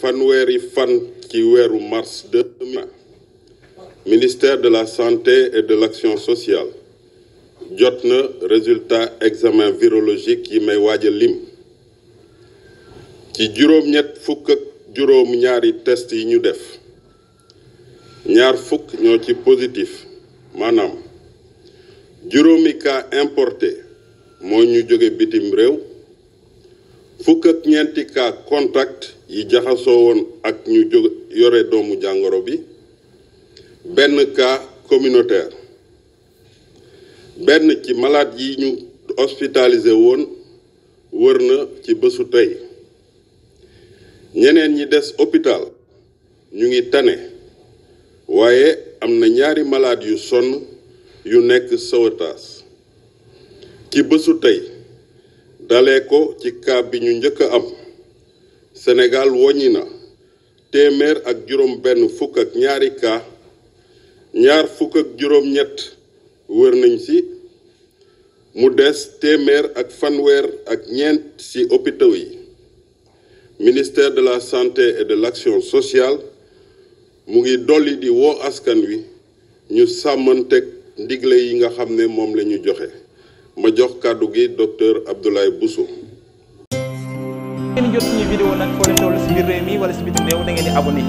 fanweeri fan ci wéru mars 2020 ministère de la santé et de l'action sociale jotna résultat examen virologique yi may wajal lim ci juroom ñet fuk ak testi ñaari test yi ñu def ñaar fuk ñoo ci positif Manam. juroomi cas importé moo ñu jóge bitim fukk ak ñeenti cas contact yi jaxasoo woon ak ñu jóg yore doomu jàngoro bi benn cas communautaire benn ci malade yi ñu hospitalisé woon wër na ci bésu tey ñeneen ñi des hôpital ñu ngi tane waaye am na ñaari malade yu sonn yu nekk sawataas ci bésu tey Daleko ci ka bi ñu ñëk am sénégal woñina temer ak juroom benn fuk ak ñaari ka ñaar fuk ak juroom ñet wër nañ si mu dess téeméer ak fanweer ak ñent si hôpitaux yi ministère de la santé et de l'action sociale mu ngi dolli di wo askan wi ñu samanté ndiglé yi nga xamné mom lañu joxé ma jox kàddu gi docteur Abdoulaye Bousso. ngeen jot suñu vidéo nag foo leen toll mën a jot moo leen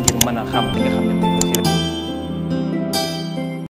ngir mën a xam nga xam ne